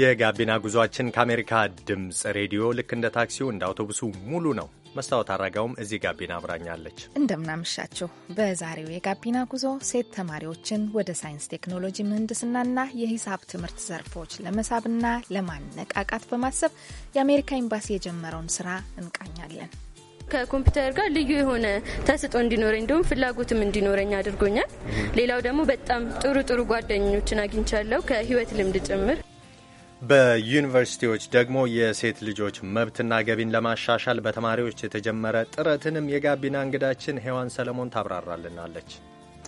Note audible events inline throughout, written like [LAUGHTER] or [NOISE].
የጋቢና ጉዟችን ከአሜሪካ ድምፅ ሬዲዮ ልክ እንደ ታክሲው እንደ አውቶቡሱ ሙሉ ነው። መስታወት አረጋውም እዚህ ጋቢና አብራኛለች። እንደምናመሻችሁ። በዛሬው የጋቢና ጉዞ ሴት ተማሪዎችን ወደ ሳይንስ ቴክኖሎጂ፣ ምህንድስናና የሂሳብ ትምህርት ዘርፎች ለመሳብና ለማነቃቃት በማሰብ የአሜሪካ ኤምባሲ የጀመረውን ስራ እንቃኛለን። ከኮምፒውተር ጋር ልዩ የሆነ ተስጦ እንዲኖረኝ እንዲሁም ፍላጎትም እንዲኖረኝ አድርጎኛል። ሌላው ደግሞ በጣም ጥሩ ጥሩ ጓደኞችን አግኝቻለሁ ከህይወት ልምድ ጭምር በዩኒቨርሲቲዎች ደግሞ የሴት ልጆች መብትና ገቢን ለማሻሻል በተማሪዎች የተጀመረ ጥረትንም የጋቢና እንግዳችን ሔዋን ሰለሞን ታብራራልናለች።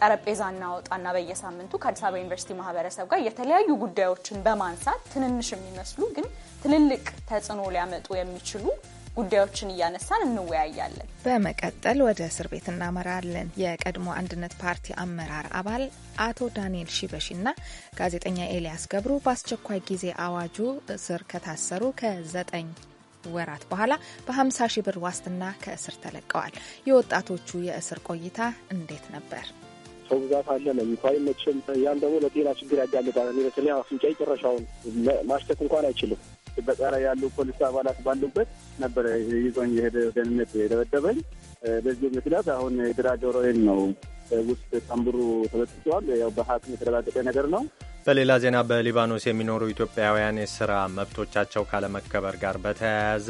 ጠረጴዛ እናወጣና በየሳምንቱ ከአዲስ አበባ ዩኒቨርሲቲ ማህበረሰብ ጋር የተለያዩ ጉዳዮችን በማንሳት ትንንሽ የሚመስሉ ግን ትልልቅ ተጽዕኖ ሊያመጡ የሚችሉ ጉዳዮችን እያነሳን እንወያያለን። በመቀጠል ወደ እስር ቤት እናመራለን። የቀድሞ አንድነት ፓርቲ አመራር አባል አቶ ዳንኤል ሺበሺና ጋዜጠኛ ኤልያስ ገብሩ በአስቸኳይ ጊዜ አዋጁ ስር ከታሰሩ ከዘጠኝ ወራት በኋላ በ50 ሺህ ብር ዋስትና ከእስር ተለቀዋል። የወጣቶቹ የእስር ቆይታ እንዴት ነበር? ሰው ብዛት አለ፣ ለይቶ አይመችም። ያም ደግሞ ለጤና ችግር ያጋልጣል። በተለይ አፍንጫ ጭራሻውን ማሽተት እንኳን አይችልም። ሰዎች ላይ ያሉ ፖሊስ አባላት ባሉበት ነበረ ይዞኝ የሄደ ደህንነት የደበደበኝ። በዚህ ምክንያት አሁን የግራ ጆሮዬን ነው ውስጥ ታምቡሩ ተበጥሷል። ያው በሐኪም የተረጋገጠ ነገር ነው። በሌላ ዜና በሊባኖስ የሚኖሩ ኢትዮጵያውያን የስራ መብቶቻቸው ካለመከበር ጋር በተያያዘ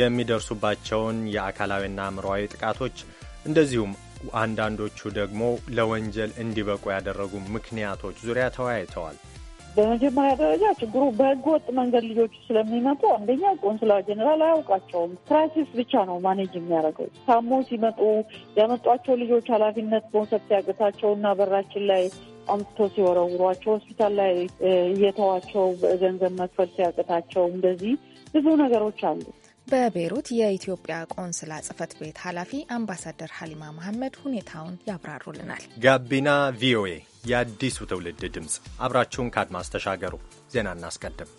የሚደርሱባቸውን የአካላዊና አእምሯዊ ጥቃቶች እንደዚሁም አንዳንዶቹ ደግሞ ለወንጀል እንዲበቁ ያደረጉ ምክንያቶች ዙሪያ ተወያይተዋል። በመጀመሪያ ደረጃ ችግሩ በህገ ወጥ መንገድ ልጆቹ ስለሚመጡ አንደኛ ቆንስላ ጀኔራል አያውቃቸውም። ክራይሲስ ብቻ ነው ማኔጅ የሚያደርገው። ታሞ ሲመጡ ያመጧቸው ልጆች ኃላፊነት መውሰድ ሲያቅታቸው እና በራችን ላይ አምጥቶ ሲወረውሯቸው ሆስፒታል ላይ እየተዋቸው ገንዘብ መክፈል ሲያቅታቸው እንደዚህ ብዙ ነገሮች አሉ። በቤይሩት የኢትዮጵያ ቆንስላ ጽህፈት ቤት ኃላፊ አምባሳደር ሀሊማ መሐመድ ሁኔታውን ያብራሩልናል። ጋቢና ቪኦኤ የአዲሱ ትውልድ ድምፅ፣ አብራችሁን ከአድማስ ተሻገሩ። ዜና እናስቀድም።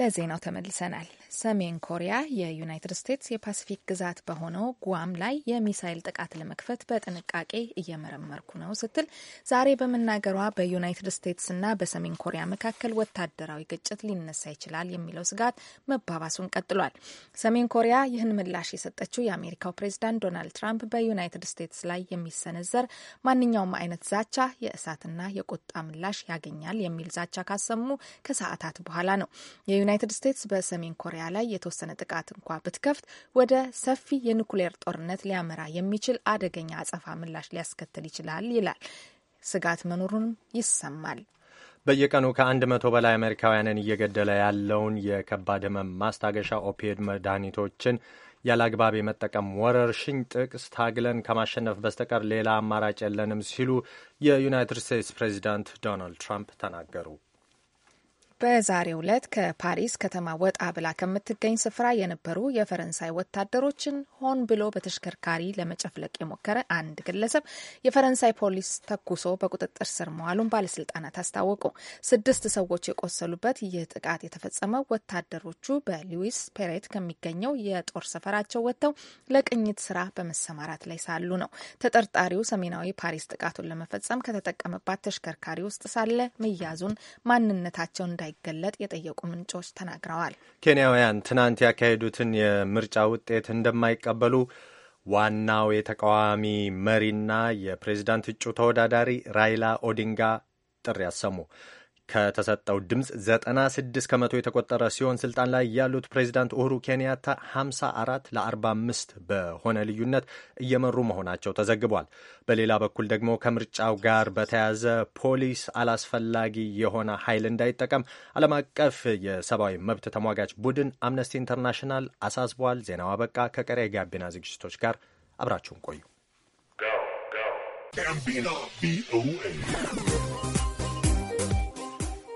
ለዜናው ተመልሰናል። ሰሜን ኮሪያ የዩናይትድ ስቴትስ የፓሲፊክ ግዛት በሆነው ጓም ላይ የሚሳይል ጥቃት ለመክፈት በጥንቃቄ እየመረመርኩ ነው ስትል ዛሬ በመናገሯ በዩናይትድ ስቴትስና በሰሜን ኮሪያ መካከል ወታደራዊ ግጭት ሊነሳ ይችላል የሚለው ስጋት መባባሱን ቀጥሏል። ሰሜን ኮሪያ ይህን ምላሽ የሰጠችው የአሜሪካው ፕሬዚዳንት ዶናልድ ትራምፕ በዩናይትድ ስቴትስ ላይ የሚሰነዘር ማንኛውም አይነት ዛቻ የእሳትና የቁጣ ምላሽ ያገኛል የሚል ዛቻ ካሰሙ ከሰዓታት በኋላ ነው። የዩናይትድ ስቴትስ በሰሜን ኮሪያ ሶሪያ ላይ የተወሰነ ጥቃት እንኳ ብትከፍት ወደ ሰፊ የኒኩሌር ጦርነት ሊያመራ የሚችል አደገኛ አጸፋ ምላሽ ሊያስከትል ይችላል ይላል። ስጋት መኖሩንም ይሰማል። በየቀኑ ከአንድ መቶ በላይ አሜሪካውያንን እየገደለ ያለውን የከባድ ህመም ማስታገሻ ኦፔድ መድኃኒቶችን ያለ አግባብ የመጠቀም ወረርሽኝ ጥቅስ ታግለን ከማሸነፍ በስተቀር ሌላ አማራጭ የለንም ሲሉ የዩናይትድ ስቴትስ ፕሬዚዳንት ዶናልድ ትራምፕ ተናገሩ። በዛሬው ዕለት ከፓሪስ ከተማ ወጣ ብላ ከምትገኝ ስፍራ የነበሩ የፈረንሳይ ወታደሮችን ሆን ብሎ በተሽከርካሪ ለመጨፍለቅ የሞከረ አንድ ግለሰብ የፈረንሳይ ፖሊስ ተኩሶ በቁጥጥር ስር መዋሉን ባለስልጣናት አስታወቁ። ስድስት ሰዎች የቆሰሉበት ይህ ጥቃት የተፈጸመው ወታደሮቹ በሉዊስ ፔሬት ከሚገኘው የጦር ሰፈራቸው ወጥተው ለቅኝት ስራ በመሰማራት ላይ ሳሉ ነው። ተጠርጣሪው ሰሜናዊ ፓሪስ ጥቃቱን ለመፈጸም ከተጠቀመባት ተሽከርካሪ ውስጥ ሳለ መያዙን ማንነታቸው እንዳይ እንደማይገለጥ የጠየቁ ምንጮች ተናግረዋል። ኬንያውያን ትናንት ያካሄዱትን የምርጫ ውጤት እንደማይቀበሉ ዋናው የተቃዋሚ መሪና የፕሬዚዳንት እጩ ተወዳዳሪ ራይላ ኦዲንጋ ጥሪ አሰሙ። ከተሰጠው ድምፅ 96 ከመቶ የተቆጠረ ሲሆን ስልጣን ላይ ያሉት ፕሬዚዳንት ኡሁሩ ኬንያታ 54 ለ45 በሆነ ልዩነት እየመሩ መሆናቸው ተዘግቧል። በሌላ በኩል ደግሞ ከምርጫው ጋር በተያያዘ ፖሊስ አላስፈላጊ የሆነ ኃይል እንዳይጠቀም ዓለም አቀፍ የሰብአዊ መብት ተሟጋች ቡድን አምነስቲ ኢንተርናሽናል አሳስቧል። ዜናው አበቃ። ከቀሪ የጋቢና ዝግጅቶች ጋር አብራችሁን ቆዩ።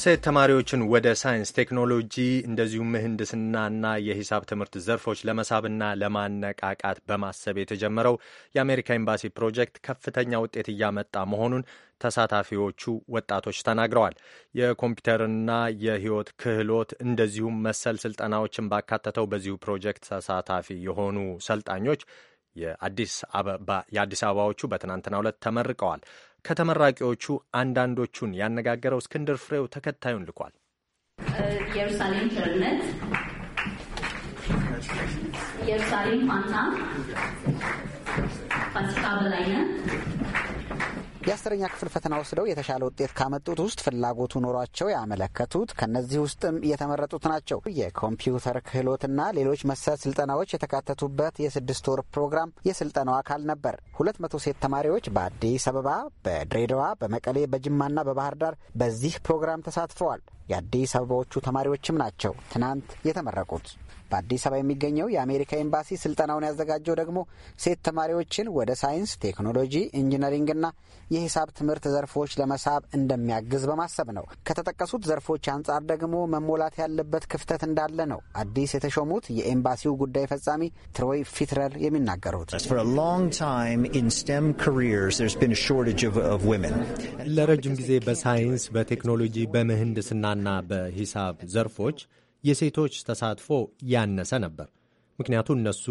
ሴት ተማሪዎችን ወደ ሳይንስ ቴክኖሎጂ፣ እንደዚሁም ምህንድስናና የሂሳብ ትምህርት ዘርፎች ለመሳብና ለማነቃቃት በማሰብ የተጀመረው የአሜሪካ ኤምባሲ ፕሮጀክት ከፍተኛ ውጤት እያመጣ መሆኑን ተሳታፊዎቹ ወጣቶች ተናግረዋል። የኮምፒውተርና የህይወት ክህሎት እንደዚሁም መሰል ስልጠናዎችን ባካተተው በዚሁ ፕሮጀክት ተሳታፊ የሆኑ ሰልጣኞች የአዲስ አበባዎቹ በትናንትናው ዕለት ተመርቀዋል። ከተመራቂዎቹ አንዳንዶቹን ያነጋገረው እስክንድር ፍሬው ተከታዩን ልኳል። ኢየሩሳሌም ቸርነት፣ ኢየሩሳሌም ፋንታ፣ ፋሲካ በላይነህ የአስረኛ ክፍል ፈተና ወስደው የተሻለ ውጤት ካመጡት ውስጥ ፍላጎቱ ኖሯቸው ያመለከቱት ከእነዚህ ውስጥም የተመረጡት ናቸው። የኮምፒውተር ክህሎትና ሌሎች መሰል ስልጠናዎች የተካተቱበት የስድስት ወር ፕሮግራም የስልጠናው አካል ነበር። ሁለት መቶ ሴት ተማሪዎች በአዲስ አበባ፣ በድሬዳዋ፣ በመቀሌ፣ በጅማና በባህር ዳር በዚህ ፕሮግራም ተሳትፈዋል። የአዲስ አበባዎቹ ተማሪዎችም ናቸው ትናንት የተመረቁት። በአዲስ አበባ የሚገኘው የአሜሪካ ኤምባሲ ስልጠናውን ያዘጋጀው ደግሞ ሴት ተማሪዎችን ወደ ሳይንስ፣ ቴክኖሎጂ፣ ኢንጂነሪንግና የሂሳብ ትምህርት ዘርፎች ለመሳብ እንደሚያግዝ በማሰብ ነው። ከተጠቀሱት ዘርፎች አንጻር ደግሞ መሞላት ያለበት ክፍተት እንዳለ ነው አዲስ የተሾሙት የኤምባሲው ጉዳይ ፈጻሚ ትሮይ ፊትረር የሚናገሩት። ለረጅም ጊዜ በሳይንስ በቴክኖሎጂ በምህንድስናና በሂሳብ ዘርፎች የሴቶች ተሳትፎ ያነሰ ነበር። ምክንያቱ እነሱ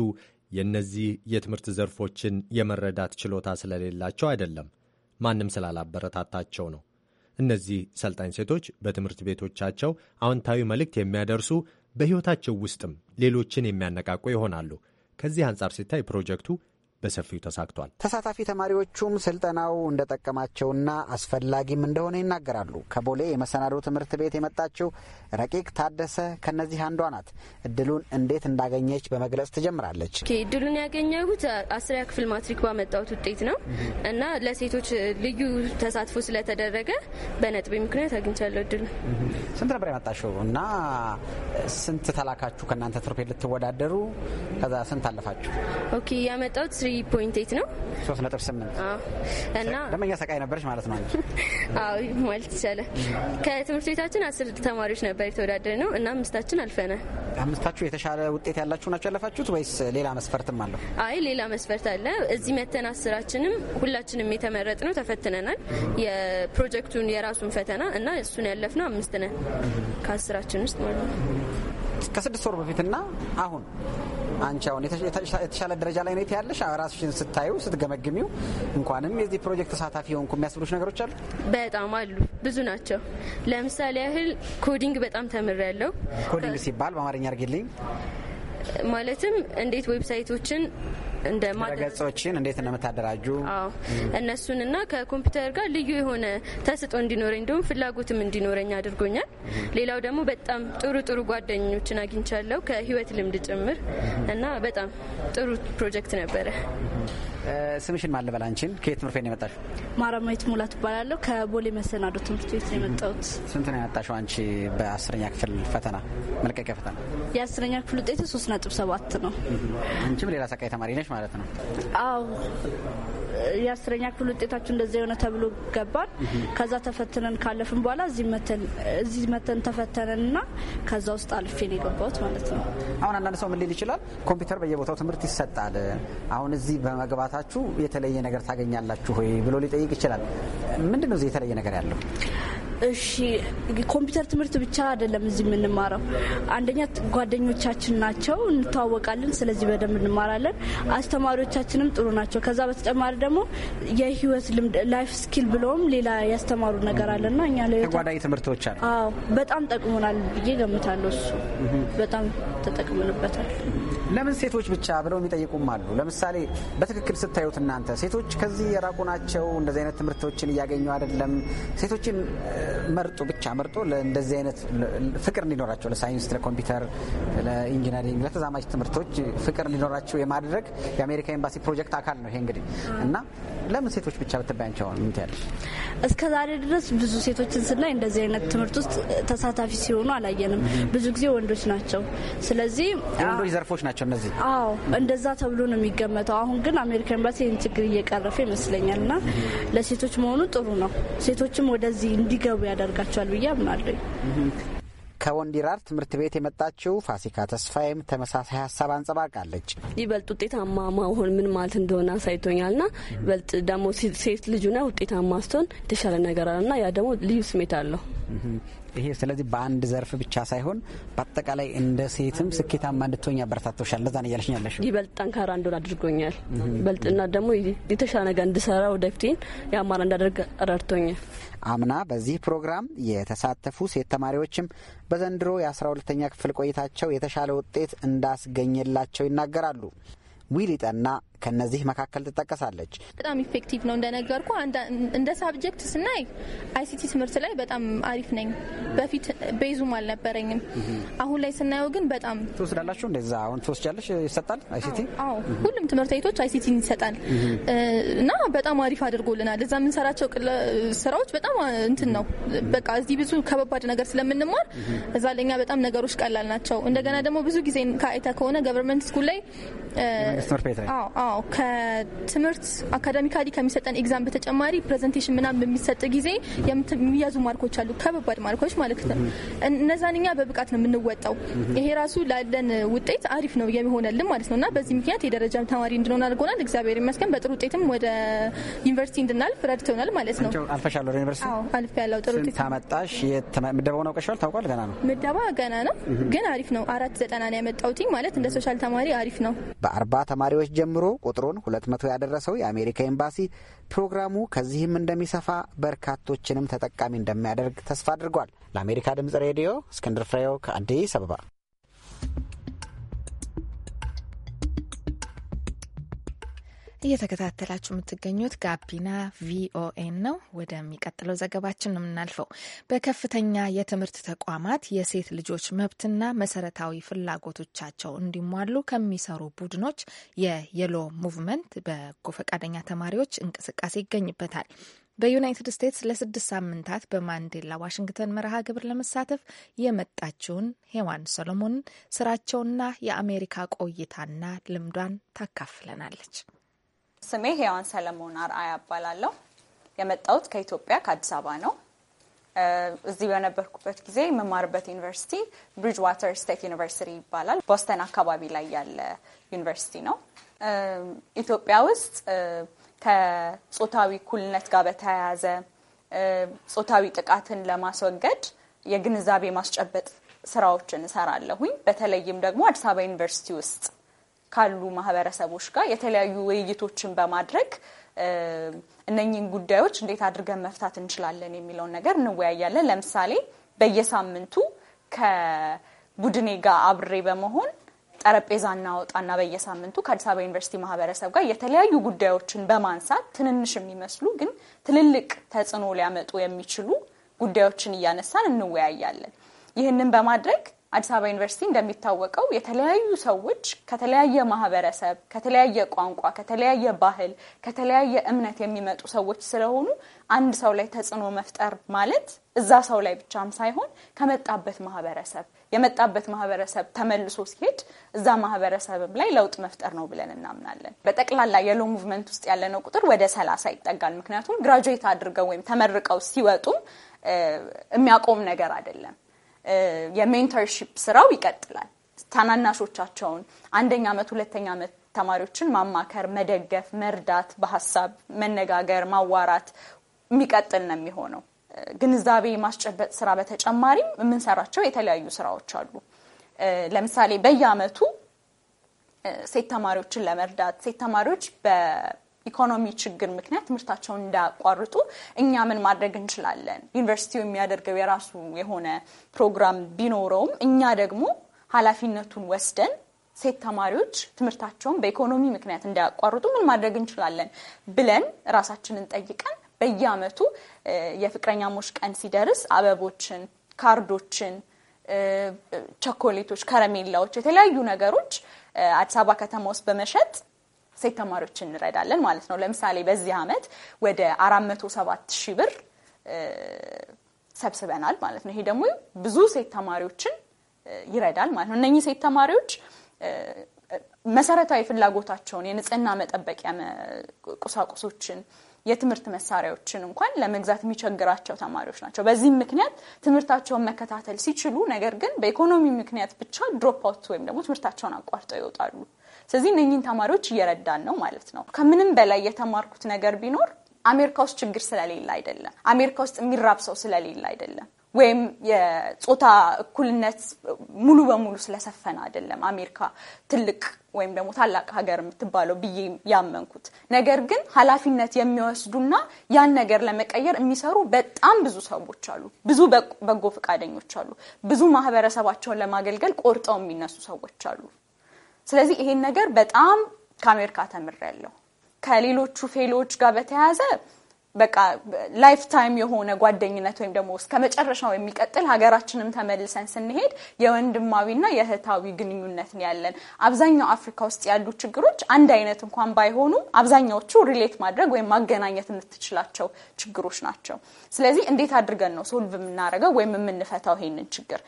የእነዚህ የትምህርት ዘርፎችን የመረዳት ችሎታ ስለሌላቸው አይደለም፣ ማንም ስላላበረታታቸው ነው። እነዚህ ሰልጣኝ ሴቶች በትምህርት ቤቶቻቸው አዎንታዊ መልእክት የሚያደርሱ በሕይወታቸው ውስጥም ሌሎችን የሚያነቃቁ ይሆናሉ። ከዚህ አንጻር ሲታይ ፕሮጀክቱ በሰፊው ተሳክቷል። ተሳታፊ ተማሪዎቹም ስልጠናው እንደጠቀማቸውና አስፈላጊም እንደሆነ ይናገራሉ። ከቦሌ የመሰናዶ ትምህርት ቤት የመጣችው ረቂቅ ታደሰ ከነዚህ አንዷ ናት። እድሉን እንዴት እንዳገኘች በመግለጽ ትጀምራለች። እድሉን ያገኘሁት አስሪያ ክፍል ማትሪክ ባመጣሁት ውጤት ነው እና ለሴቶች ልዩ ተሳትፎ ስለተደረገ በነጥቤ ምክንያት አግኝቻለሁ እድሉን። ስንት ነበር ያመጣሽው እና ስንት ተላካችሁ? ከእናንተ ትሮፌ ልትወዳደሩ ከዛ ስንት አለፋችሁ? ኦኬ ያመጣሁት ኤት ነው 3.8 እና ደመኛ ሰቃይ ነበረች ማለት ነው። [LAUGHS] አዎ ማለት ይቻላል። ከትምህርት ቤታችን አስር ተማሪዎች ነበር የተወዳደር ነው እና አምስታችን አልፈነ። አምስታችሁ የተሻለ ውጤት ያላችሁ ናቸው ያለፋችሁት ወይስ ሌላ መስፈርትም አለው? አይ ሌላ መስፈርት አለ። እዚህ መተን አስራችንም ሁላችንም የተመረጥ ነው ተፈትነናል። የፕሮጀክቱን የራሱን ፈተና እና እሱን ያለፍ ነው አምስት ነን ከአስራችን ውስጥ ማለት ነው። ከስድስት ወር በፊትና አሁን አንቺ አሁን የተሻለ ደረጃ ላይ ነው ያለሽ ራስሽን ስታዩ ስትገመግሚው እንኳንም የዚህ ፕሮጀክት ተሳታፊ የሆንኩ የሚያስብሎች ነገሮች አሉ? በጣም አሉ፣ ብዙ ናቸው። ለምሳሌ ያህል ኮዲንግ በጣም ተምሬያለሁ። ኮዲንግ ሲባል በአማርኛ አድርጌልኝ ማለትም እንዴት ዌብሳይቶችን እንደ ገጾችን እንዴት ነው እነሱን እነሱንና ከኮምፒውተር ጋር ልዩ የሆነ ተስጦ እንዲኖረኝ እንዲሁም ፍላጎትም እንዲኖረኝ አድርጎኛል። ሌላው ደግሞ በጣም ጥሩ ጥሩ ጓደኞችን አግኝቻለሁ ከህይወት ልምድ ጭምር እና በጣም ጥሩ ፕሮጀክት ነበረ። ስምሽን ማን ልበል አንቺን? ከየት ትምህርት ቤት ነው የመጣሽው? ማራማዊት ሙላ ትባላለሁ። ከቦሌ መሰናዶ ትምህርት ቤት ነው የመጣሁት። ስንት ነው ያመጣሽው አንቺ በአስረኛ ክፍል ፈተና መልቀቂያ ፈተና? የአስረኛ ክፍል ውጤት ሶስት ነጥብ ሰባት ነው። አንቺም ሌላ ሰቃይ ተማሪ ነሽ ማለት ነው? አዎ የአስረኛ ክፍል ውጤታችሁ እንደዚ የሆነ ተብሎ ገባን። ከዛ ተፈትነን ካለፍን በኋላ እዚህ መተን ተፈተነን እና ከዛ ውስጥ አልፌ ነው የገባሁት ማለት ነው። አሁን አንዳንድ ሰው ምን ሊል ይችላል? ኮምፒውተር በየቦታው ትምህርት ይሰጣል። አሁን እዚህ በመግባት በመግባታችሁ የተለየ ነገር ታገኛላችሁ ወይ ብሎ ሊጠይቅ ይችላል። ምንድን ነው እዚህ የተለየ ነገር ያለው? እሺ ኮምፒውተር ትምህርት ብቻ አይደለም እዚህ የምንማረው። አንደኛ ጓደኞቻችን ናቸው፣ እንተዋወቃለን። ስለዚህ በደንብ እንማራለን። አስተማሪዎቻችንም ጥሩ ናቸው። ከዛ በተጨማሪ ደግሞ የህይወት ልምድ ላይፍ ስኪል ብለውም ሌላ ያስተማሩ ነገር አለና እኛ ተጓዳኝ ትምህርቶች አሉ። አዎ በጣም ጠቅሞናል ብዬ ገምታለሁ። እሱ በጣም ተጠቅምንበታል። ለምን ሴቶች ብቻ ብለው የሚጠይቁም አሉ። ለምሳሌ በትክክል ስታዩት እናንተ ሴቶች ከዚህ የራቁ ናቸው፣ እንደዚህ አይነት ትምህርቶችን እያገኙ አይደለም። ሴቶችን መርጦ ብቻ መርጦ እንደዚህ አይነት ፍቅር እንዲኖራቸው ለሳይንስ፣ ለኮምፒውተር፣ ለኢንጂነሪንግ፣ ለተዛማጅ ትምህርቶች ፍቅር እንዲኖራቸው የማድረግ የአሜሪካ ኤምባሲ ፕሮጀክት አካል ነው ይሄ እንግዲህ እና ለምን ሴቶች ብቻ ብትባያቸው ምን ትያለሽ? እስከ ዛሬ ድረስ ብዙ ሴቶችን ስናይ እንደዚህ አይነት ትምህርት ውስጥ ተሳታፊ ሲሆኑ አላየንም። ብዙ ጊዜ ወንዶች ናቸው። ስለዚህ ወንዶች ዘርፎች ናቸው ናቸው እነዚህ። አዎ እንደዛ ተብሎ ነው የሚገመተው። አሁን ግን አሜሪካ ኤምባሲ ይህን ችግር እየቀረፈ ይመስለኛል እና ለሴቶች መሆኑ ጥሩ ነው። ሴቶችም ወደዚህ እንዲገቡ ያደርጋቸዋል ብዬ አምናለኝ። ከወንዲራር ትምህርት ቤት የመጣችው ፋሲካ ተስፋዬም ተመሳሳይ ሀሳብ አንጸባርቃለች። ይበልጥ ውጤታማ መሆን ምን ማለት እንደሆነ አሳይቶኛልና ይበልጥ ደግሞ ሴት ልጁና ውጤታማ ስትሆን የተሻለ ነገር አለና ያ ደግሞ ልዩ ስሜት አለው። ይሄ ስለዚህ በአንድ ዘርፍ ብቻ ሳይሆን በአጠቃላይ እንደ ሴትም ስኬታማ እንድትሆኝ ያበረታቶሻል። ለዛ ነው እያለሽ ያለሽ ይበልጥ ጠንካራ እንደሆን አድርጎኛል። በልጥና ደግሞ የተሻለ ነገር እንድሰራ ወደፊቴን የአማራ እንዳደርግ ረድቶኛል። አምና በዚህ ፕሮግራም የተሳተፉ ሴት ተማሪዎችም በዘንድሮ የአስራ ሁለተኛ ክፍል ቆይታቸው የተሻለ ውጤት እንዳስገኘላቸው ይናገራሉ። ዊሊጠና ከነዚህ መካከል ትጠቀሳለች። በጣም ኢፌክቲቭ ነው እንደነገርኩ። እንደ ሳብጀክት ስናይ አይሲቲ ትምህርት ላይ በጣም አሪፍ ነኝ። በፊት ቤዙም አልነበረኝም። አሁን ላይ ስናየው ግን በጣም ትወስዳላችሁ። እንደዛ አሁን ትወስጃለሽ? ይሰጣል አይሲቲ። አዎ ሁሉም ትምህርት ቤቶች አይሲቲን ይሰጣል እና በጣም አሪፍ አድርጎልናል። እዛ የምንሰራቸው ስራዎች በጣም እንትን ነው በቃ እዚህ ብዙ ከባባድ ነገር ስለምንማር እዛ ለኛ በጣም ነገሮች ቀላል ናቸው። እንደገና ደግሞ ብዙ ጊዜ ከአይተ ከሆነ ገቨርንመንት ስኩል ላይ አዎ ከትምህርት አካዳሚካሊ ከሚሰጠን ኤግዛም በተጨማሪ ፕሬዘንቴሽን ምናምን በሚሰጥ ጊዜ የሚያዙ ማርኮች አሉ፣ ከበባድ ማርኮች ማለት ነው። እነዛን እኛ በብቃት ነው የምንወጣው። ይሄ ራሱ ላለን ውጤት አሪፍ ነው የሚሆነልን ማለት ነው እና በዚህ ምክንያት የደረጃ ተማሪ እንድንሆን አድርጎናል። እግዚአብሔር ይመስገን። በጥሩ ውጤትም ወደ ዩኒቨርሲቲ እንድናልፍ ረድቶናል ማለት ነው። አልፈሻል ወደ ዩኒቨርሲቲ? አልፍ ያለው ጥሩ ውጤት ታመጣሽ። ምደባውን አውቀሻል? ታውቋል? ገና ነው ምደባ ገና ነው፣ ግን አሪፍ ነው። አራት ዘጠና ነው ያመጣሁት ማለት እንደ ሶሻል ተማሪ አሪፍ ነው። በአርባ ተማሪዎች ጀምሮ ቁጥሩን ሁለት መቶ ያደረሰው የአሜሪካ ኤምባሲ ፕሮግራሙ ከዚህም እንደሚሰፋ በርካቶችንም ተጠቃሚ እንደሚያደርግ ተስፋ አድርጓል። ለአሜሪካ ድምጽ ሬዲዮ እስክንድር ፍሬው ከአዲስ አበባ እየተከታተላችሁ የምትገኙት ጋቢና ቪኦኤን ነው። ወደሚቀጥለው ዘገባችን ነው የምናልፈው። በከፍተኛ የትምህርት ተቋማት የሴት ልጆች መብትና መሰረታዊ ፍላጎቶቻቸው እንዲሟሉ ከሚሰሩ ቡድኖች የየሎ ሙቭመንት በጎ ፈቃደኛ ተማሪዎች እንቅስቃሴ ይገኝበታል። በዩናይትድ ስቴትስ ለስድስት ሳምንታት በማንዴላ ዋሽንግተን መርሃ ግብር ለመሳተፍ የመጣችውን ሄዋን ሰሎሞንን ስራቸውና የአሜሪካ ቆይታና ልምዷን ታካፍለናለች። ስሜ ሄዋን ሰለሞን አርአያ እባላለሁ። የመጣሁት ከኢትዮጵያ ከአዲስ አበባ ነው። እዚህ በነበርኩበት ጊዜ የምማርበት ዩኒቨርሲቲ ብሪጅ ዋተር ስቴት ዩኒቨርሲቲ ይባላል። ቦስተን አካባቢ ላይ ያለ ዩኒቨርሲቲ ነው። ኢትዮጵያ ውስጥ ከጾታዊ እኩልነት ጋር በተያያዘ ጾታዊ ጥቃትን ለማስወገድ የግንዛቤ ማስጨበጥ ስራዎችን እሰራለሁኝ። በተለይም ደግሞ አዲስ አበባ ዩኒቨርሲቲ ውስጥ ካሉ ማህበረሰቦች ጋር የተለያዩ ውይይቶችን በማድረግ እነኚህን ጉዳዮች እንዴት አድርገን መፍታት እንችላለን የሚለውን ነገር እንወያያለን። ለምሳሌ በየሳምንቱ ከቡድኔ ጋር አብሬ በመሆን ጠረጴዛ እናወጣና በየሳምንቱ ከአዲስ አበባ ዩኒቨርሲቲ ማህበረሰብ ጋር የተለያዩ ጉዳዮችን በማንሳት ትንንሽ የሚመስሉ ግን ትልልቅ ተጽዕኖ ሊያመጡ የሚችሉ ጉዳዮችን እያነሳን እንወያያለን። ይህንን በማድረግ አዲስ አበባ ዩኒቨርሲቲ እንደሚታወቀው የተለያዩ ሰዎች ከተለያየ ማህበረሰብ፣ ከተለያየ ቋንቋ፣ ከተለያየ ባህል፣ ከተለያየ እምነት የሚመጡ ሰዎች ስለሆኑ አንድ ሰው ላይ ተጽዕኖ መፍጠር ማለት እዛ ሰው ላይ ብቻም ሳይሆን ከመጣበት ማህበረሰብ የመጣበት ማህበረሰብ ተመልሶ ሲሄድ እዛ ማህበረሰብም ላይ ለውጥ መፍጠር ነው ብለን እናምናለን። በጠቅላላ የሎ ሙቭመንት ውስጥ ያለነው ቁጥር ወደ ሰላሳ ይጠጋል። ምክንያቱም ግራጁዌት አድርገው ወይም ተመርቀው ሲወጡም የሚያቆም ነገር አይደለም። የሜንተርሺፕ ስራው ይቀጥላል። ታናናሾቻቸውን አንደኛ ዓመት ሁለተኛ ዓመት ተማሪዎችን ማማከር፣ መደገፍ፣ መርዳት፣ በሀሳብ መነጋገር፣ ማዋራት የሚቀጥል ነው የሚሆነው። ግንዛቤ ማስጨበጥ ስራ በተጨማሪም የምንሰራቸው የተለያዩ ስራዎች አሉ። ለምሳሌ በየአመቱ ሴት ተማሪዎችን ለመርዳት ሴት ተማሪዎች ኢኮኖሚ ችግር ምክንያት ትምህርታቸውን እንዳያቋርጡ እኛ ምን ማድረግ እንችላለን? ዩኒቨርሲቲው የሚያደርገው የራሱ የሆነ ፕሮግራም ቢኖረውም እኛ ደግሞ ኃላፊነቱን ወስደን ሴት ተማሪዎች ትምህርታቸውን በኢኮኖሚ ምክንያት እንዳያቋርጡ ምን ማድረግ እንችላለን ብለን ራሳችንን ጠይቀን የፍቅረኛ የፍቅረኛሞች ቀን ሲደርስ አበቦችን፣ ካርዶችን፣ ቸኮሌቶች፣ ከረሜላዎች፣ የተለያዩ ነገሮች አዲስ አበባ ከተማ ውስጥ በመሸጥ ሴት ተማሪዎች እንረዳለን ማለት ነው። ለምሳሌ በዚህ አመት ወደ አራት መቶ ሰባት ሺህ ብር ሰብስበናል ማለት ነው። ይሄ ደግሞ ብዙ ሴት ተማሪዎችን ይረዳል ማለት ነው። እነኚህ ሴት ተማሪዎች መሰረታዊ ፍላጎታቸውን የንጽህና መጠበቂያ ቁሳቁሶችን፣ የትምህርት መሳሪያዎችን እንኳን ለመግዛት የሚቸግራቸው ተማሪዎች ናቸው። በዚህም ምክንያት ትምህርታቸውን መከታተል ሲችሉ፣ ነገር ግን በኢኮኖሚ ምክንያት ብቻ ድሮፕ አውት ወይም ደግሞ ትምህርታቸውን አቋርጠው ይወጣሉ። ስለዚህ እነኝን ተማሪዎች እየረዳን ነው ማለት ነው። ከምንም በላይ የተማርኩት ነገር ቢኖር አሜሪካ ውስጥ ችግር ስለሌለ አይደለም፣ አሜሪካ ውስጥ የሚራብ ሰው ስለሌለ አይደለም፣ ወይም የጾታ እኩልነት ሙሉ በሙሉ ስለሰፈነ አይደለም አሜሪካ ትልቅ ወይም ደግሞ ታላቅ ሀገር የምትባለው ብዬ ያመንኩት ነገር ግን ኃላፊነት የሚወስዱና ያን ነገር ለመቀየር የሚሰሩ በጣም ብዙ ሰዎች አሉ። ብዙ በጎ ፈቃደኞች አሉ። ብዙ ማህበረሰባቸውን ለማገልገል ቆርጠው የሚነሱ ሰዎች አሉ። ስለዚህ ይሄን ነገር በጣም ከአሜሪካ ተምሬያለሁ። ከሌሎቹ ፌሎች ጋር በተያያዘ በቃ ላይፍ ታይም የሆነ ጓደኝነት ወይም ደግሞ እስከ መጨረሻው የሚቀጥል ሀገራችንም ተመልሰን ስንሄድ የወንድማዊና የእህታዊ ግንኙነት ያለን። አብዛኛው አፍሪካ ውስጥ ያሉ ችግሮች አንድ አይነት እንኳን ባይሆኑ አብዛኛዎቹ ሪሌት ማድረግ ወይም ማገናኘት የምትችላቸው ችግሮች ናቸው። ስለዚህ እንዴት አድርገን ነው ሶልቭ የምናደርገው ወይም የምንፈታው ይሄንን ችግር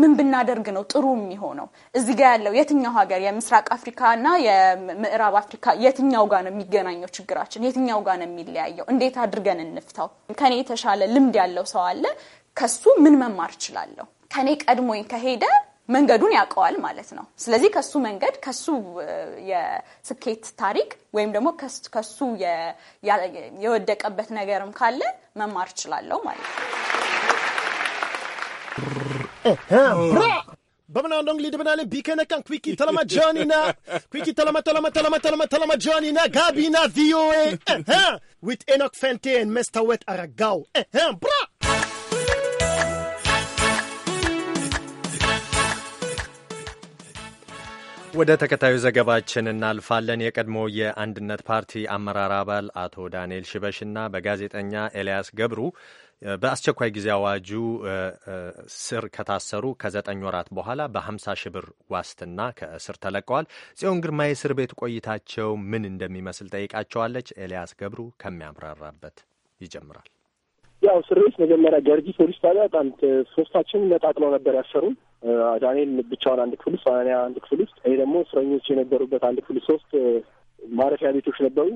ምን ብናደርግ ነው ጥሩ የሚሆነው? እዚህ ጋ ያለው የትኛው ሀገር የምስራቅ አፍሪካና የምዕራብ አፍሪካ የትኛው ጋር ነው የሚገናኘው? ችግራችን የትኛው ጋ ነው የሚለያየው? እንዴት አድርገን እንፍታው? ከኔ የተሻለ ልምድ ያለው ሰው አለ፣ ከሱ ምን መማር እችላለሁ? ከኔ ቀድሞኝ ከሄደ መንገዱን ያውቀዋል ማለት ነው። ስለዚህ ከሱ መንገድ ከሱ የስኬት ታሪክ ወይም ደግሞ ከሱ የወደቀበት ነገርም ካለ መማር እችላለሁ ማለት ነው። Uh-huh. Bra! Bamanan'dong lidibinali bikenekan kwiki talama jani na kwiki talama talama talama talama talama jani na gabi na VOA uh-huh. with Enoch Fente and Mr. Wet Aragao. Uh-huh. Bra! ወደ ተከታዩ ዘገባችን እናልፋለን። የቀድሞ የአንድነት ፓርቲ አመራር አባል አቶ ዳንኤል ሽበሽና በጋዜጠኛ ኤልያስ ገብሩ በአስቸኳይ ጊዜ አዋጁ ስር ከታሰሩ ከዘጠኝ ወራት በኋላ በ50 ሺህ ብር ዋስትና ከእስር ተለቀዋል። ጽዮን ግርማ የእስር ቤት ቆይታቸው ምን እንደሚመስል ጠይቃቸዋለች። ኤልያስ ገብሩ ከሚያብራራበት ይጀምራል። ያው እስር ቤት መጀመሪያ ገርጂ ፖሊስ ጣቢያ በጣም ሶስታችን ነጣጥለው ነበር ያሰሩን። ዳንኤል ብቻውን አንድ ክፍል ውስጥ፣ እኔ አንድ ክፍል ውስጥ፣ ይሄ ደግሞ እስረኞች የነበሩበት አንድ ክፍል ሶስት ማረፊያ ቤቶች ነበሩ።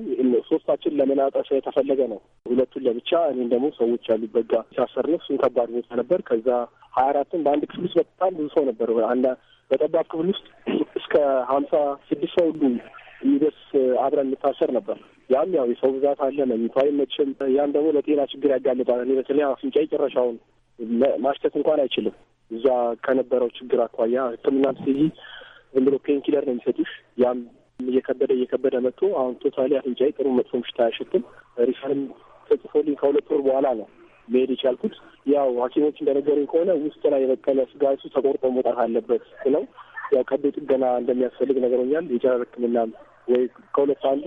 ሶስታችን ለመናጠፍ የተፈለገ ነው። ሁለቱን ለብቻ እኔም ደግሞ ሰዎች ያሉበት ጋር ሲሳሰር እሱን ከባድ ቦታ ነበር። ከዛ ሀያ አራትን በአንድ ክፍል ውስጥ በጣም ብዙ ሰው ነበር። አንድ በጠባብ ክፍል ውስጥ እስከ ሀምሳ ስድስት ሰው ሁሉ የሚደርስ አብረን እንታሰር ነበር። ያም ያው የሰው ብዛት አለ፣ መኝታ አይመችም። ያም ደግሞ ለጤና ችግር ያጋልጣል። እኔ በተለይ አፍንጫ ጨረሻውን ማሽተት እንኳን አይችልም። እዛ ከነበረው ችግር አኳያ ሕክምና ስይ ዝም ብሎ ፔንኪለር ነው የሚሰጡሽ ያም እየከበደ እየከበደ መጥቶ አሁን ቶታሊ አፍንጫዬ ጥሩ መጥፎ ምሽታ አያሸትም። ሪፈርም ተጽፎልኝ ከሁለት ወር በኋላ ነው መሄድ የቻልኩት። ያው ሐኪሞች እንደነገሩኝ ከሆነ ውስጥ ላይ የበቀለ ስጋቱ ተቆርጦ መውጣት አለበት ብለው ያው ቀዶ ጥገና እንደሚያስፈልግ ነግረውኛል። የጨረር ሕክምና ወይ ከሁለት አንዱ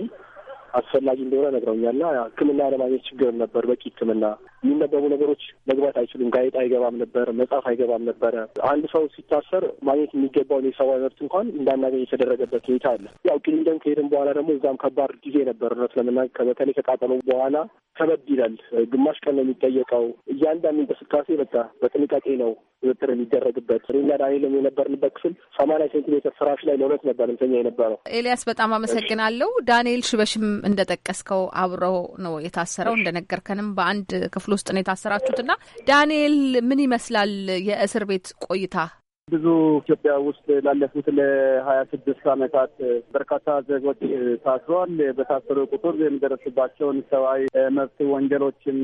አስፈላጊ እንደሆነ ነግረውኛል። ነግረውኛልና ሕክምና ለማግኘት ችግር ነበር በቂ ሕክምና የሚነበቡ ነገሮች መግባት አይችሉም። ጋዜጣ አይገባም ነበረ፣ መጽሐፍ አይገባም ነበረ። አንድ ሰው ሲታሰር ማግኘት የሚገባውን የሰብአዊ መብት እንኳን እንዳናገኝ የተደረገበት ሁኔታ አለ። ያው ኪሊንግደን ከሄድን በኋላ ደግሞ እዛም ከባድ ጊዜ ነበር። እውነት ለመናገር በተለይ ከቃጠሎ በኋላ ከበድ ይላል። ግማሽ ቀን ነው የሚጠየቀው። እያንዳንዱ እንቅስቃሴ በቃ በጥንቃቄ ነው ቁጥጥር የሚደረግበት። እኔና ዳንኤልም የነበርንበት ክፍል ሰማንያ ሴንቲሜትር ፍራሽ ላይ ለሁለት ነበር እንተኛ የነበረው። ኤልያስ በጣም አመሰግናለሁ። ዳንኤል ሽበሽም እንደጠቀስከው አብረው ነው የታሰረው እንደነገርከንም በአንድ ክፍሉ ውስጥ ነው የታሰራችሁት እና ዳንኤል ምን ይመስላል የእስር ቤት ቆይታ? ብዙ ኢትዮጵያ ውስጥ ላለፉት ለሀያ ስድስት ዓመታት በርካታ ዜጎች ታስሯል። በታሰሩ ቁጥር የሚደረስባቸውን ሰብአዊ መብት ወንጀሎችን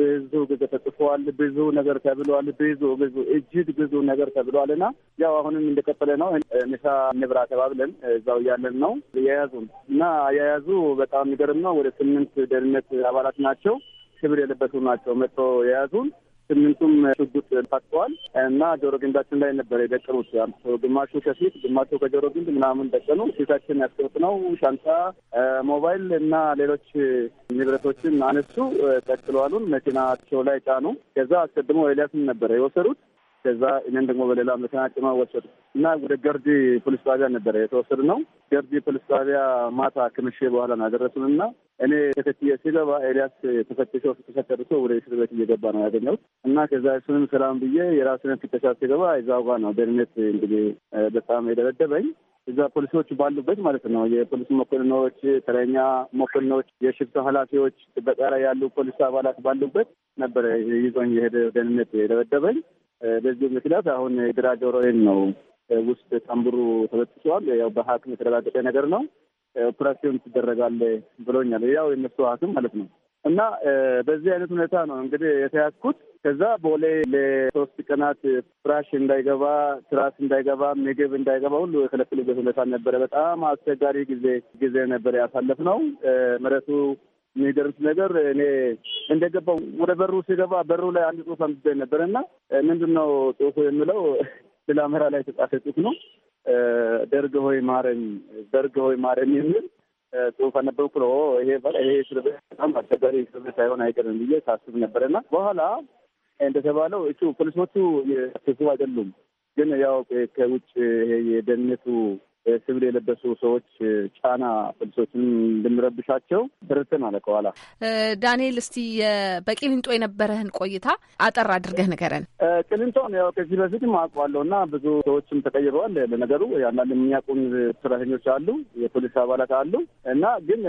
ብዙ ጊዜ ተጽፏል። ብዙ ነገር ተብሏል። ብዙ ብዙ እጅግ ብዙ ነገር ተብሏል እና ያው አሁንም እንደቀጠለ ነው። ምሳ ንብራ ተባብለን እዛው እያለን ነው የያዙን እና የያዙ በጣም የሚገርም ነው። ወደ ስምንት ደህንነት አባላት ናቸው ሽብር የለበሱ ናቸው መጥቶ የያዙን። ስምንቱም ሽጉጥ ታጥቀዋል እና ጆሮ ግንዳችን ላይ ነበር የደቀኑት። ግማሹ ከፊት ግማሹ ከጆሮ ግንድ ምናምን ደቀኑ። ፊታችን ነው ሻንጣ፣ ሞባይል እና ሌሎች ንብረቶችን አነሱ። ቀጥለዋሉን መኪናቸው ላይ ጫኑ። ከዛ አስቀድሞ ኤልያስን ነበረ የወሰዱት። ከዛ እኔን ደግሞ በሌላ መኪና ጭማ ወሰዱ እና ወደ ገርጂ ፖሊስ ጣቢያ ነበረ የተወሰዱ ነው። ገርጂ ፖሊስ ጣቢያ ማታ ክምሼ በኋላ ነው ያደረሱን እና እኔ ተከትየ ሲገባ ኤልያስ ተፈትሾ ፍተሻ ጨርሶ ወደ እስር ቤት እየገባ ነው ያገኘሁት እና ከዛ እሱንም ሰላም ብዬ የራስን ፍተሻ ሲገባ እዛው ጓ ነው ደህንነት እንግዲህ በጣም የደበደበኝ። እዛ ፖሊሶች ባሉበት ማለት ነው። የፖሊስ መኮንኖች፣ ተረኛ መኮንኖች፣ የሽፍት ኃላፊዎች፣ ጥበቃ ላይ ያሉ ፖሊስ አባላት ባሉበት ነበረ ይዞኝ የሄደ ደህንነት የደበደበኝ። በዚህ ምክንያት አሁን የግራ ጆሮዬን ነው ውስጥ ጠንብሩ ተበጥሷል። ያው በሐኪም የተረጋገጠ ነገር ነው። ኦፕራሲዮን ትደረጋለህ ብሎኛል። ያው የነሱ ሐኪም ማለት ነው። እና በዚህ አይነት ሁኔታ ነው እንግዲህ የተያዝኩት። ከዛ ቦሌ ለሶስት ቀናት ፍራሽ እንዳይገባ፣ ትራስ እንዳይገባ፣ ምግብ እንዳይገባ ሁሉ የከለክልበት ሁኔታ ነበረ። በጣም አስቸጋሪ ጊዜ ጊዜ ነበር ያሳለፍ ነው። መሬቱ የሚደርስ ነገር እኔ እንደገባው ወደ በሩ ሲገባ በሩ ላይ አንድ ጽሁፍ አንብቤ ነበር እና ምንድን ነው ጽሁፉ የሚለው [LAUGHS] ስለ አምራ ላይ የተጻፈ ጽሁፍ ነው ደርግ ሆይ ማረኝ፣ ደርግ ሆይ ማረኝ የሚል ጽሁፍ አነበብኩ። ሎ ይሄ ይሄ እስር ቤት በጣም አስቸጋሪ እስር ቤት ሳይሆን አይቀርም ብዬ ሳስብ ነበረና በኋላ እንደተባለው እሱ ፖሊሶቹ ስብስብ አይደሉም፣ ግን ያው ከውጭ ይሄ የደህንነቱ ስብል የለበሱ ሰዎች ጫና ፖሊሶችን እንድንረብሻቸው ድርትን አለ ከኋላ ዳንኤል፣ እስቲ በቂሊንጦ የነበረህን ቆይታ አጠር አድርገህ ንገረን። ቂሊንጦን ያው ከዚህ በፊትም አውቀዋለሁ እና ብዙ ሰዎችም ተቀይረዋል። ለነገሩ አንዳንድ የሚያውቁን ሰራተኞች አሉ፣ የፖሊስ አባላት አሉ እና ግን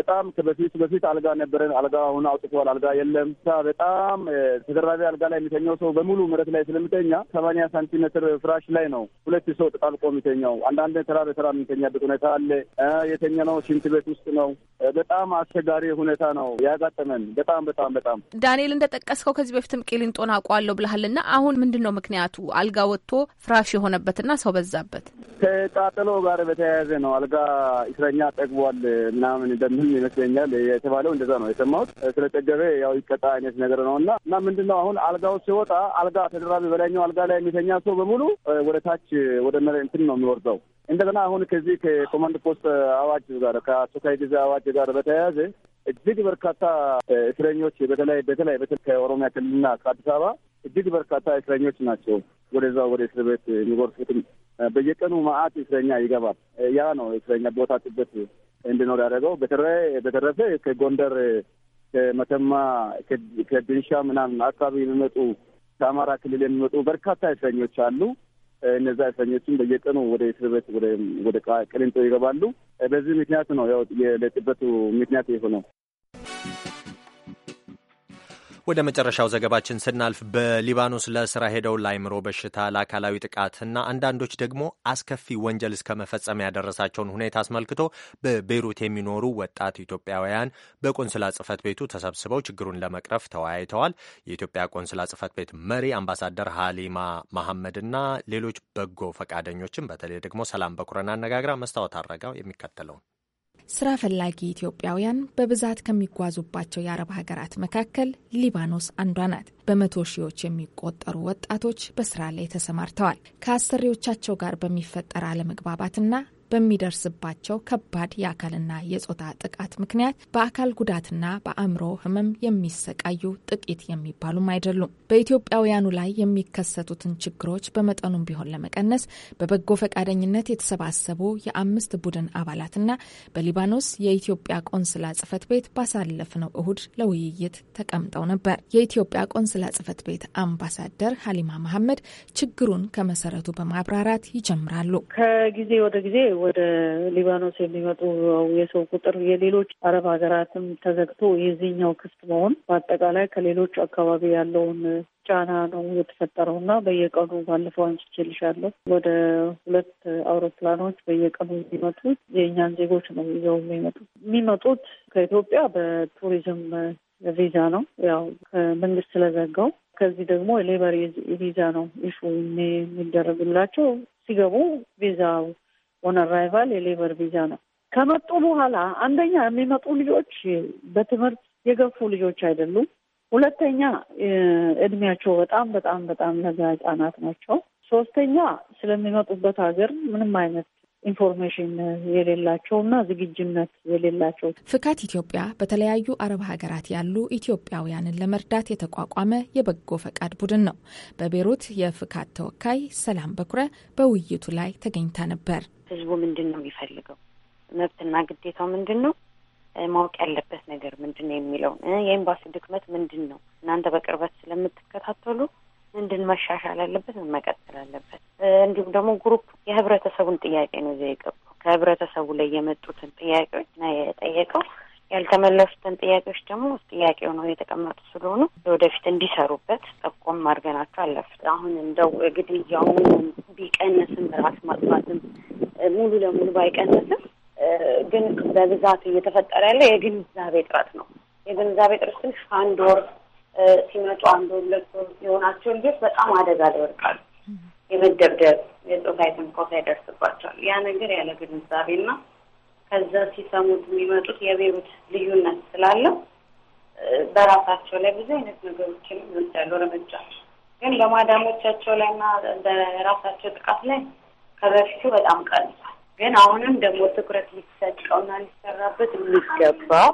በጣም ከበፊቱ በፊት አልጋ ነበረን። አልጋ አሁን አውጥተዋል። አልጋ የለም። በጣም ተደራቢ አልጋ ላይ የሚተኛው ሰው በሙሉ መሬት ላይ ስለሚተኛ ሰማንያ ሳንቲሜትር ፍራሽ ላይ ነው ሁለት ሰው ተጣብቆ የሚተኛው አንዳንድ በተራ በተራ የምንተኛበት ሁኔታ አለ። የተኛነው ሽንት ቤት ውስጥ ነው። በጣም አስቸጋሪ ሁኔታ ነው ያጋጠመን። በጣም በጣም በጣም ዳንኤል፣ እንደጠቀስከው ከዚህ በፊትም ቂሊንጦን አውቀዋለሁ እና አሁን ምንድን ነው ምክንያቱ? አልጋ ወጥቶ ፍራሽ የሆነበትና ሰው በዛበት ከቃጠሎ ጋር በተያያዘ ነው። አልጋ እስረኛ ጠግቧል ምናምን እንደምን ይመስለኛል የተባለው እንደዛ ነው የሰማሁት። ስለጠገበ ያው ይቀጣ አይነት ነገር ነው እና እና ምንድን ነው አሁን አልጋው ሲወጣ አልጋ ተደራቢ በላይኛው አልጋ ላይ የሚተኛ ሰው በሙሉ ወደ ታች ወደ መሬት እንትን ነው የሚወርደው እንደገና አሁን ከዚህ ከኮማንድ ፖስት አዋጅ ጋር ከአስቸኳይ ጊዜ አዋጅ ጋር በተያያዘ እጅግ በርካታ እስረኞች በተለይ በተለይ ከኦሮሚያ ክልልና ከአዲስ አበባ እጅግ በርካታ እስረኞች ናቸው ወደዛ ወደ እስር ቤት የሚጎርፉትም በየቀኑ መዓት እስረኛ ይገባል። ያ ነው እስረኛ ቦታ ጥበት እንዲኖር ያደረገው። በተረፈ ከጎንደር ከመተማ፣ ከድንሻ ምናምን አካባቢ የሚመጡ ከአማራ ክልል የሚመጡ በርካታ እስረኞች አሉ። እነዛ እስረኞችም በየቀኑ ወደ እስር ቤት ወደ ቃሊንጦ ይገባሉ። በዚህ ምክንያት ነው ያው ለጥበቱ ምክንያት የሆነው። ወደ መጨረሻው ዘገባችን ስናልፍ በሊባኖስ ለስራ ሄደው ለአይምሮ በሽታ፣ ለአካላዊ ጥቃትና አንዳንዶች ደግሞ አስከፊ ወንጀል እስከ መፈጸም ያደረሳቸውን ሁኔታ አስመልክቶ በቤይሩት የሚኖሩ ወጣት ኢትዮጵያውያን በቆንስላ ጽህፈት ቤቱ ተሰብስበው ችግሩን ለመቅረፍ ተወያይተዋል። የኢትዮጵያ ቆንስላ ጽህፈት ቤት መሪ አምባሳደር ሀሊማ መሐመድና ሌሎች በጎ ፈቃደኞችን በተለይ ደግሞ ሰላም በኩረን አነጋግራ መስታወት አረጋው የሚከተለውን ስራ ፈላጊ ኢትዮጵያውያን በብዛት ከሚጓዙባቸው የአረብ ሀገራት መካከል ሊባኖስ አንዷ ናት። በመቶ ሺዎች የሚቆጠሩ ወጣቶች በስራ ላይ ተሰማርተዋል። ከአሰሪዎቻቸው ጋር በሚፈጠር አለመግባባትና በሚደርስባቸው ከባድ የአካልና የጾታ ጥቃት ምክንያት በአካል ጉዳትና በአእምሮ ሕመም የሚሰቃዩ ጥቂት የሚባሉም አይደሉም። በኢትዮጵያውያኑ ላይ የሚከሰቱትን ችግሮች በመጠኑም ቢሆን ለመቀነስ በበጎ ፈቃደኝነት የተሰባሰቡ የአምስት ቡድን አባላትና በሊባኖስ የኢትዮጵያ ቆንስላ ጽፈት ቤት ባሳለፍነው እሁድ ለውይይት ተቀምጠው ነበር። የኢትዮጵያ ቆንስላ ጽፈት ቤት አምባሳደር ሀሊማ መሐመድ ችግሩን ከመሰረቱ በማብራራት ይጀምራሉ። ከጊዜ ወደ ጊዜ ወደ ሊባኖስ የሚመጡ የሰው ቁጥር የሌሎች አረብ ሀገራትም ተዘግቶ የዚህኛው ክፍት መሆን በአጠቃላይ ከሌሎች አካባቢ ያለውን ጫና ነው የተፈጠረው እና በየቀኑ ባለፈው አንስቼልሻለሁ ወደ ሁለት አውሮፕላኖች በየቀኑ የሚመጡት የእኛን ዜጎች ነው ይዘው የሚመጡት የሚመጡት ከኢትዮጵያ በቱሪዝም ቪዛ ነው ያው ከመንግስት ስለዘጋው ከዚህ ደግሞ የሌበር ቪዛ ነው ኢሹ የሚደረግላቸው ሲገቡ ቪዛው ኦን አራይቫል የሌበር ቪዛ ነው። ከመጡ በኋላ አንደኛ የሚመጡ ልጆች በትምህርት የገፉ ልጆች አይደሉም። ሁለተኛ እድሜያቸው በጣም በጣም በጣም ለጋ ህጻናት ናቸው። ሶስተኛ ስለሚመጡበት ሀገር ምንም አይነት ኢንፎርሜሽን የሌላቸው እና ዝግጅነት የሌላቸው። ፍካት ኢትዮጵያ በተለያዩ አረብ ሀገራት ያሉ ኢትዮጵያውያንን ለመርዳት የተቋቋመ የበጎ ፈቃድ ቡድን ነው። በቤሩት የፍካት ተወካይ ሰላም በኩረ በውይይቱ ላይ ተገኝታ ነበር። ህዝቡ ምንድን ነው የሚፈልገው? መብትና ግዴታው ምንድን ነው? ማወቅ ያለበት ነገር ምንድን ነው የሚለው የኤምባሲ ድክመት ምንድን ነው? እናንተ በቅርበት ስለምትከታተሉ ምንድን መሻሻል አለበት፣ ምን መቀጠል አለበት። እንዲሁም ደግሞ ግሩፕ የህብረተሰቡን ጥያቄ ነው እዚያ የገባው። ከህብረተሰቡ ላይ የመጡትን ጥያቄዎች ና የጠየቀው ያልተመለሱትን ጥያቄዎች ደግሞ ጥያቄው ነው የተቀመጡ ስለሆኑ ለወደፊት እንዲሰሩበት ጠቆም አድርገናቸው አለፍ። አሁን እንደው ግድያውን ቢቀንስም ራስ ማጥፋትም ሙሉ ለሙሉ ባይቀንስም ግን በብዛት እየተፈጠረ ያለ የግንዛቤ ጥረት ነው። የግንዛቤ ጥረት ትንሽ አንድ ወር ሲመጡ አንዱ ሁለቱ የሆናቸው ልጆች በጣም አደጋ ላይ የመደብደብ የጾታዊ ትንኮሳ ይደርስባቸዋል። ያ ነገር ያለ ግንዛቤና ከዛ ሲሰሙት የሚመጡት የቤሩት ልዩነት ስላለው በራሳቸው ላይ ብዙ አይነት ነገሮችን ይወስዳሉ እርምጃ። ግን በማዳሞቻቸው ላይና በራሳቸው ጥቃት ላይ ከበፊቱ በጣም ቀንሷል። ግን አሁንም ደግሞ ትኩረት ሊሰጠውና ሊሰራበት የሚገባው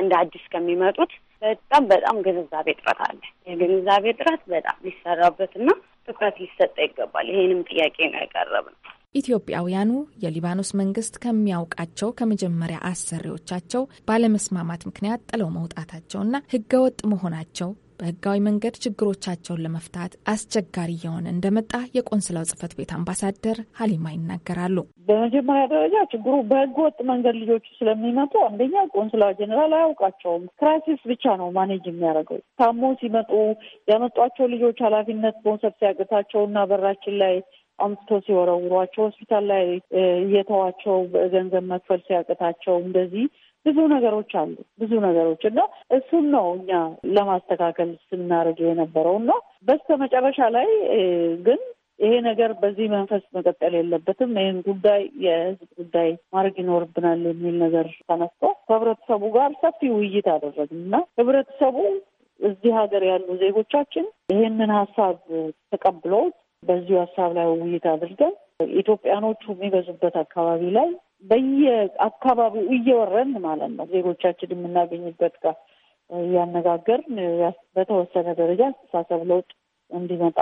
እንደ አዲስ ከሚመጡት በጣም በጣም ግንዛቤ እጥረት አለ። የግንዛቤ እጥረት በጣም ሊሰራበትና ትኩረት ሊሰጠ ይገባል። ይሄንም ጥያቄ ነው ያቀረብነው። ኢትዮጵያውያኑ የሊባኖስ መንግስት ከሚያውቃቸው ከመጀመሪያ አሰሪዎቻቸው ባለመስማማት ምክንያት ጥለው መውጣታቸውና ህገወጥ መሆናቸው በህጋዊ መንገድ ችግሮቻቸውን ለመፍታት አስቸጋሪ እየሆነ እንደመጣ የቆንስላው ጽህፈት ቤት አምባሳደር ሀሊማ ይናገራሉ። በመጀመሪያ ደረጃ ችግሩ በህገ ወጥ መንገድ ልጆቹ ስለሚመጡ አንደኛ ቆንስላ ጀኔራል አያውቃቸውም። ክራይሲስ ብቻ ነው ማኔጅ የሚያደርገው። ታሞ ሲመጡ ያመጧቸው ልጆች ኃላፊነት መውሰድ ሲያቅታቸው እና በራችን ላይ አምጥቶ ሲወረውሯቸው ሆስፒታል ላይ እየተዋቸው ገንዘብ መክፈል ሲያቅታቸው እንደዚህ ብዙ ነገሮች አሉ፣ ብዙ ነገሮች እና እሱን ነው እኛ ለማስተካከል ስናደርግ የነበረው እና በስተ መጨረሻ ላይ ግን ይሄ ነገር በዚህ መንፈስ መቀጠል የለበትም፣ ይህን ጉዳይ የህዝብ ጉዳይ ማድረግ ይኖርብናል የሚል ነገር ተነስቶ ከህብረተሰቡ ጋር ሰፊ ውይይት አደረግን እና ህብረተሰቡ እዚህ ሀገር ያሉ ዜጎቻችን ይሄንን ሀሳብ ተቀብለው በዚሁ ሀሳብ ላይ ውይይት አድርገን ኢትዮጵያኖቹ የሚበዙበት አካባቢ ላይ በየአካባቢው እየወረን ማለት ነው ዜጎቻችን የምናገኝበት ጋር እያነጋገርን በተወሰነ ደረጃ አስተሳሰብ ለውጥ እንዲመጣ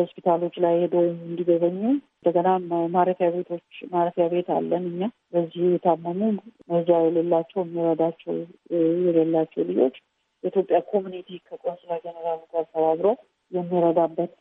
ሆስፒታሎች ላይ ሄዶ እንዲጎበኙ እንደገና ማረፊያ ቤቶች ማረፊያ ቤት አለን እኛ በዚህ የታመሙ መዛ የሌላቸው የሚረዳቸው የሌላቸው ልጆች የኢትዮጵያ ኮሚኒቲ ከቆንስላ ጀኔራሉ ጋር ተባብሮ የሚረዳበት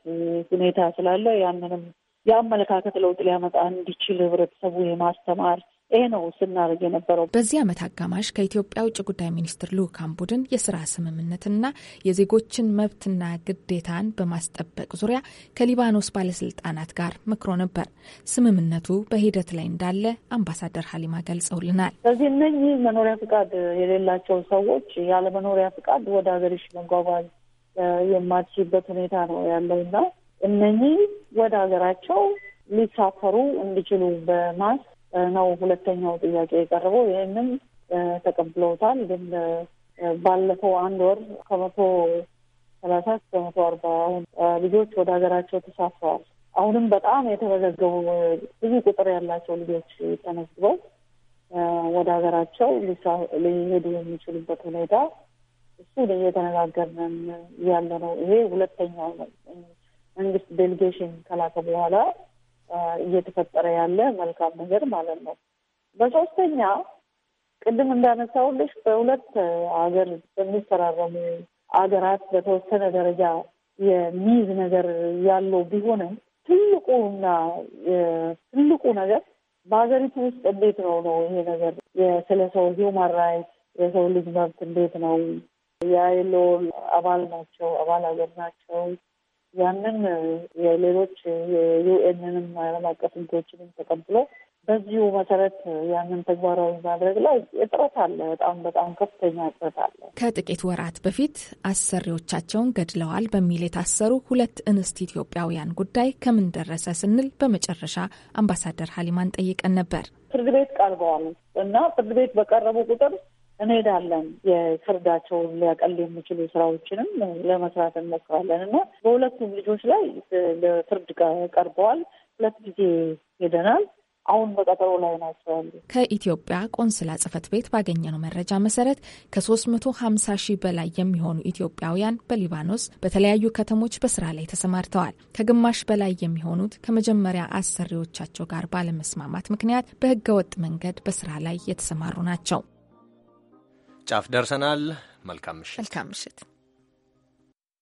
ሁኔታ ስላለ ያንንም የአመለካከት ለውጥ ሊያመጣ እንዲችል ህብረተሰቡ የማስተማር ይሄ ነው ስናደርግ የነበረው። በዚህ ዓመት አጋማሽ ከኢትዮጵያ ውጭ ጉዳይ ሚኒስትር ልዑካን ቡድን የስራ ስምምነትና የዜጎችን መብትና ግዴታን በማስጠበቅ ዙሪያ ከሊባኖስ ባለስልጣናት ጋር መክሮ ነበር። ስምምነቱ በሂደት ላይ እንዳለ አምባሳደር ሀሊማ ገልጸውልናል። ስለዚህ እነዚህ መኖሪያ ፍቃድ የሌላቸው ሰዎች ያለ መኖሪያ ፍቃድ ወደ ሀገርሽ መጓጓዝ የማትችልበት ሁኔታ ነው ያለውና እነኚህ ወደ ሀገራቸው ሊሳፈሩ እንዲችሉ በማስ ነው ሁለተኛው ጥያቄ የቀረበው። ይህንም ተቀብለውታል። ግን ባለፈው አንድ ወር ከመቶ ሰላሳ እስከ መቶ አርባ ልጆች ወደ ሀገራቸው ተሳፍረዋል። አሁንም በጣም የተመዘገቡ ብዙ ቁጥር ያላቸው ልጆች ተመዝግበው ወደ ሀገራቸው ሊሄዱ የሚችሉበት ሁኔታ እሱ እየተነጋገርን ያለ ነው። ይሄ ሁለተኛው ነው መንግስት ዴሊጌሽን ከላከ በኋላ እየተፈጠረ ያለ መልካም ነገር ማለት ነው። በሶስተኛ ቅድም እንዳነሳውልሽ በሁለት ሀገር በሚፈራረሙ ሀገራት በተወሰነ ደረጃ የሚይዝ ነገር ያለው ቢሆንም ትልቁና ትልቁ ነገር በሀገሪቱ ውስጥ እንዴት ነው ነው ይሄ ነገር ስለ ሰው ሂውማን ራይት የሰው ልጅ መብት እንዴት ነው የአይሎ አባል ናቸው አባል ሀገር ናቸው ያንን የሌሎች የዩኤንንም ዓለም አቀፍ ህጎችንም ተቀብሎ በዚሁ መሰረት ያንን ተግባራዊ ማድረግ ላይ እጥረት አለ። በጣም በጣም ከፍተኛ እጥረት አለ። ከጥቂት ወራት በፊት አሰሪዎቻቸውን ገድለዋል በሚል የታሰሩ ሁለት እንስት ኢትዮጵያውያን ጉዳይ ከምን ደረሰ ስንል በመጨረሻ አምባሳደር ሀሊማን ጠይቀን ነበር። ፍርድ ቤት ቀርበዋል እና ፍርድ ቤት በቀረቡ ቁጥር እንሄዳለን። የፍርዳቸውን ሊያቀል የሚችሉ ስራዎችንም ለመስራት እንሞክራለን እና በሁለቱም ልጆች ላይ ለፍርድ ቀርበዋል። ሁለት ጊዜ ሄደናል። አሁን በቀጠሮ ላይ ናቸው ያሉ። ከኢትዮጵያ ቆንስላ ጽህፈት ቤት ባገኘነው መረጃ መሰረት ከ350 ሺህ በላይ የሚሆኑ ኢትዮጵያውያን በሊባኖስ በተለያዩ ከተሞች በስራ ላይ ተሰማርተዋል። ከግማሽ በላይ የሚሆኑት ከመጀመሪያ አሰሪዎቻቸው ጋር ባለመስማማት ምክንያት በህገወጥ መንገድ በስራ ላይ የተሰማሩ ናቸው። ጫፍ ደርሰናል። መልካም ምሽት። መልካም ምሽት።